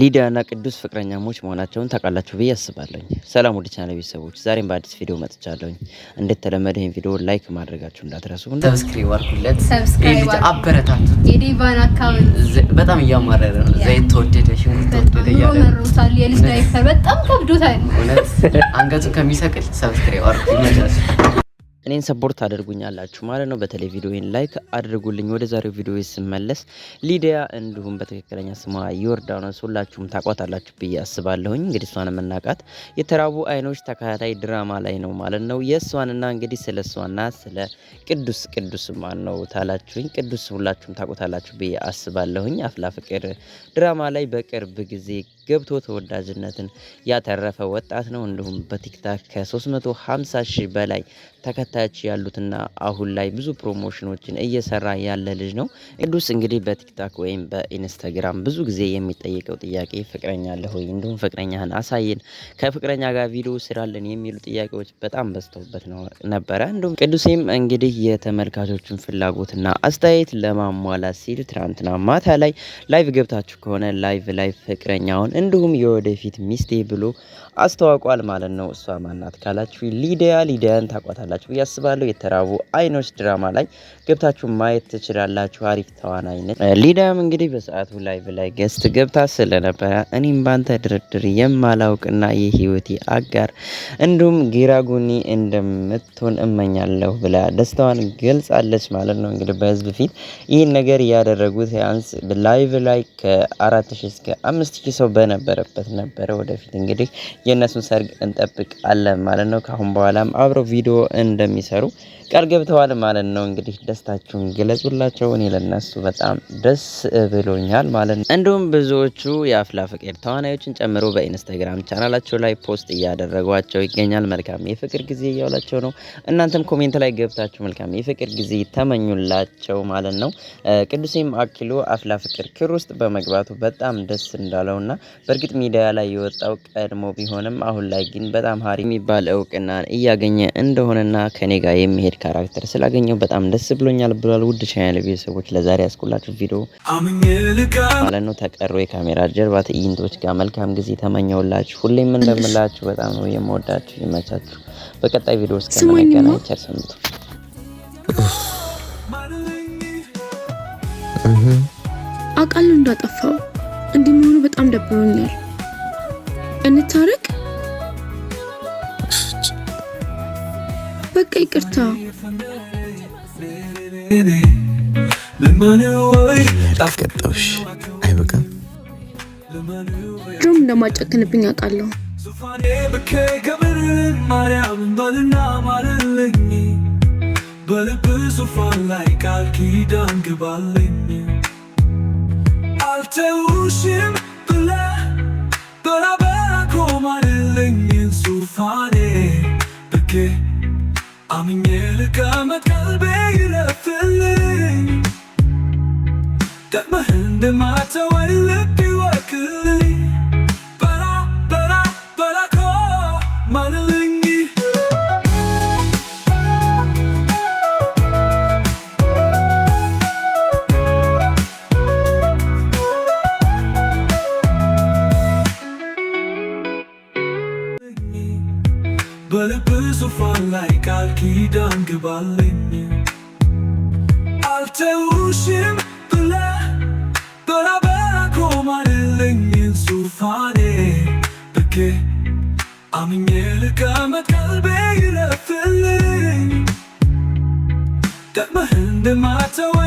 ሊዲያ እና ቅዱስ ፍቅረኛሞች መሆናቸውን ታውቃላችሁ ብዬ አስባለሁኝ። ሰላም ውድ ቻናል ቤተሰቦች፣ ዛሬም በአዲስ ቪዲዮ መጥቻለሁኝ። እንደተለመደ ይህን ቪዲዮ ላይክ ማድረጋችሁ እንዳትረሱ፣ ሰብስክሪብ አድርጉለት። ልጅ አበረታቱ። በጣም እያማረረ ነው። ዘይት ተወደደ፣ ሽንኩርት ተወደደ እያለ የልጅ ዳይፐር በጣም ከብዶታል። እውነት አንገቱን ከሚሰቅል ሰብስክሪብ አድርጉ። እኔን ሰፖርት አድርጉኛላችሁ ማለት ነው። በተለይ ቪዲዮን ላይክ አድርጉልኝ። ወደ ዛሬው ቪዲዮ ስመለስ ሊዲያ እንዲሁም በትክክለኛ ስሟ ዮርዳኖስ ሁላችሁም ታቋታላችሁ ብዬ አስባለሁኝ። እንግዲህ እሷን የምናውቃት የተራቡ አይኖች ተከታታይ ድራማ ላይ ነው ማለት ነው። የእሷንና እንግዲህ ስለ እሷና ስለ ቅዱስ ቅዱስ ማን ነው ታላችሁኝ። ቅዱስ ሁላችሁም ታቆታላችሁ ብዬ አስባለሁኝ። አፍላ ፍቅር ድራማ ላይ በቅርብ ጊዜ ገብቶ ተወዳጅነትን ያተረፈ ወጣት ነው። እንዲሁም በቲክታክ ከ350 ሺህ በላይ ተከታ ከታች ያሉትና አሁን ላይ ብዙ ፕሮሞሽኖችን እየሰራ ያለ ልጅ ነው። ቅዱስ እንግዲህ በቲክታክ ወይም በኢንስታግራም ብዙ ጊዜ የሚጠየቀው ጥያቄ ፍቅረኛ አለህ ወይ፣ እንዲሁም ፍቅረኛህን አሳየን፣ ከፍቅረኛ ጋር ቪዲዮ ስራልን የሚሉ ጥያቄዎች በጣም በዝተውበት ነበረ። እንዲሁም ቅዱሴም እንግዲህ የተመልካቾችን ፍላጎትና አስተያየት ለማሟላት ሲል ትናንትና ማታ ላይ ላይቭ ገብታችሁ ከሆነ ላይቭ ላይ ፍቅረኛውን እንዲሁም የወደፊት ሚስቴ ብሎ አስተዋውቋል ማለት ነው። እሷ ማናት ካላችሁ ሊዲያ ሊዲያን ታቋታላችሁ። ብዬ አስባለሁ። የተራቡ አይኖች ድራማ ላይ ገብታችሁ ማየት ትችላላችሁ። አሪፍ ተዋናይ ነች። ሊዳም እንግዲህ በሰዓቱ ላይ ብላይ ገስት ገብታ ስለነበረ እኔም ባንተ ድርድር የማላውቅና የህይወቴ አጋር እንዲሁም ጊራጉኒ እንደምትሆን እመኛለሁ ብላ ደስታዋን ገልጻለች ማለት ነው። እንግዲህ በህዝብ ፊት ይህን ነገር ያደረጉት ያንስ ላይቭ ላይ ከአራት ሺ እስከ አምስት ሺ ሰው በነበረበት ነበረ። ወደፊት እንግዲህ የእነሱን ሰርግ እንጠብቃለን ማለት ነው። ከአሁን በኋላም አብረው ቪዲዮ እንደ እንደሚሰሩ ቃል ገብተዋል ማለት ነው። እንግዲህ ደስታችሁን ግለጹላቸው። እኔ ለነሱ በጣም ደስ ብሎኛል ማለት ነው። እንዲሁም ብዙዎቹ የአፍላ ፍቅር ተዋናዮችን ጨምሮ በኢንስታግራም ቻናላቸው ላይ ፖስት እያደረጓቸው ይገኛል። መልካም የፍቅር ጊዜ እያውላቸው ነው። እናንተም ኮሜንት ላይ ገብታችሁ መልካም የፍቅር ጊዜ ተመኙላቸው ማለት ነው። ቅዱሴም አክሎ አፍላ ፍቅር ክር ውስጥ በመግባቱ በጣም ደስ እንዳለውና በእርግጥ ሚዲያ ላይ የወጣው ቀድሞ ቢሆንም አሁን ላይ ግን በጣም ሀሪ የሚባል እውቅና እያገኘ እንደሆነና ከኔ ጋር የሚሄድ ካራክተር ስላገኘው በጣም ደስ ብሎኛል ብሏል። ውድ ቻናል ቤተሰቦች ለዛሬ ያስኩላችሁ ቪዲዮ ማለት ነው ተቀሮ የካሜራ ጀርባ ትዕይንቶች ጋር መልካም ጊዜ ተመኘውላችሁ። ሁሌም እንደምላችሁ በጣም ነው የምወዳችሁ። ይመቻችሁ። በቀጣይ ቪዲዮ እስከምንገናኝ ቸር ሰንብቱ። አውቃለሁ እንዳጠፋው እንዲህ መሆኑ በጣም ደብሮኛል። እንታረቅ በቃ ይቅርታ። ቀጣውሽ አይበቃም። ድሮም እንደማጨክንብኝ አውቃለሁ። በልብ ዙፋን ላይ ቃል ኪዳን ግባልኝ አልተውሽም ብለህ በራበራ ኮማልልኝ ዙፋኔ ብኬ coming in come at the baby feeling got my hand in በልብ ዙፋን ላይ ቃል ኪዳን ግባልኝ አልተውሽም ብለ በራበራ ኮማልልኝ ዙፋኔ ብኬ አምኜ ልቀመጥ ቀልቤ ይረፍልኝ ደግመህ እንደማተው